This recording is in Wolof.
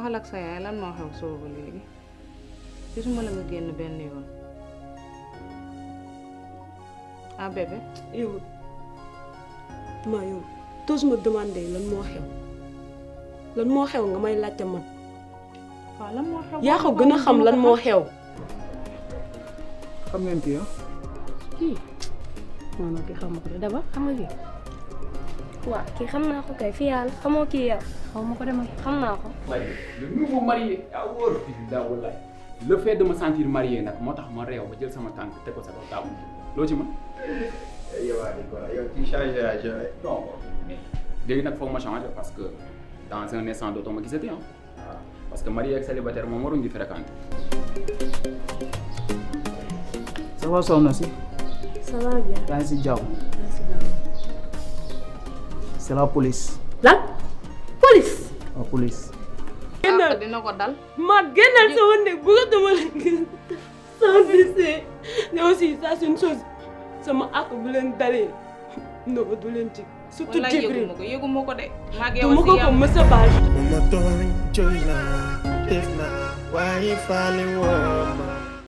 waxal ak sa yaay lan moo xew sooba léegi gisuma la nga génn benn yoon ah bébé yow maa yow tosuma demandé lan moo xew lan moo xew nga may laajte man yaa ko gën a xam lan moo xew xam ngeen kii ah kii xam nga ko daba xam nga kii Waaw kii xam naa ko kay fi yàlla xamoo kii yow. xaw ma ko demal xam naa le nouveau marié yaa wóor le fait de me sentir marié sama tànk teg ko sa kaw taabul loo ci mën. yow Aliou quoi yow tu changé la jeunesse. non mais léegi nag foog ma changé parce que dans un instant dootoo ma gisati ah. parce que marié ak célibataire moom waruñu di ça va ça va bien. c'est la police. la police. génnal dina ko dal. ma génnal sama néeg bu ko dama la gis. sans blessé mais aussi ça c'est une chose sama àq bu leen dalee ci. surtout Jibril yëgu ma ko ma ko de. maa ngi ko ko mës a